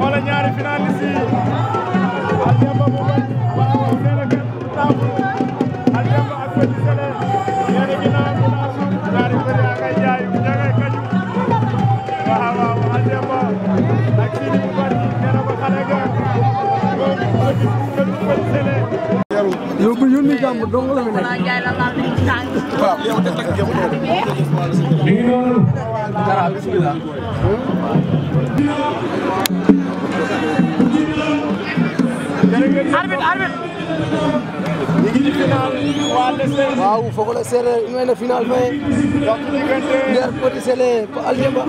wala ñaari finaliste yi ak Demba bu bañ waaw nee na kat taamu ak Demba ak Petit Sélé nee na ginnaaw ginnaaw suuf ñaari bëri yaa ngay jaay yaa ngay kaju waaw waaw ak Demba ak Sidi bu bañ nee na ko xale ga loolu loolu Petit Sélé yow bu yónni gàmm dong la waaw yow de teg yow de. dara bismillah. arbitre arbitre. waaw fogole seereer in wene sele fo aljemba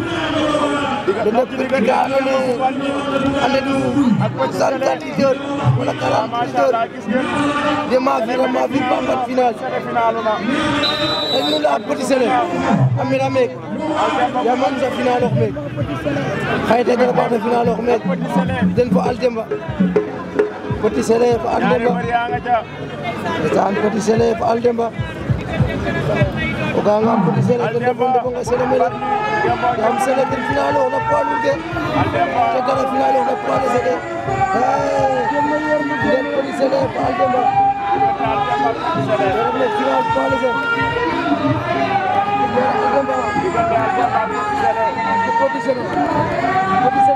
dene petit ka andoona yee a ndet nu santaati heure wala quarante heure de maafir a maafir ba mbat final xen nu la'a petit sele a mera meek yaam a nusa final ox meek xaye ta gara baata den fo aljemba petit sele aljemba ndeysaan Petit Sélé fo Aldemba o ga'anga Petit Sélé ten ref o ndeɓonge Sélé mene yaam Sélé ten final oxna poids lourd ke te gara final oxna poids léger ke ten Petit Sélé fo Aldemba ten ref final poids léger Aldemba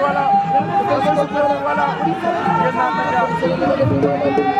Voilà.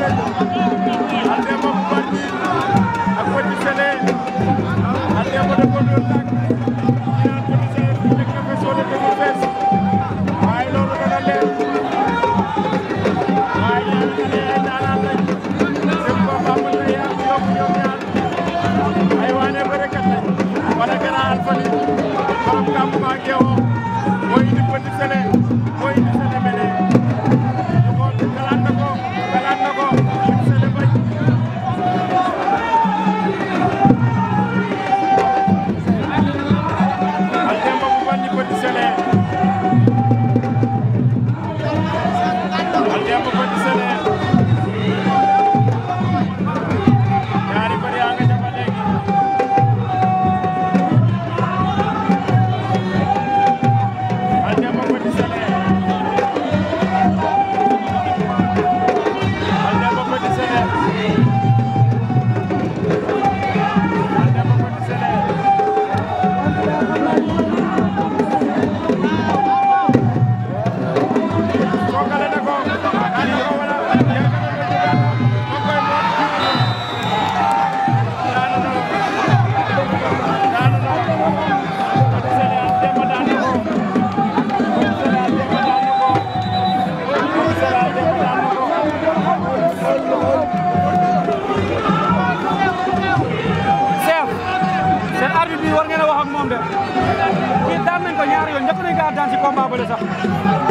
Demba Bargny kontaan si combat ba sax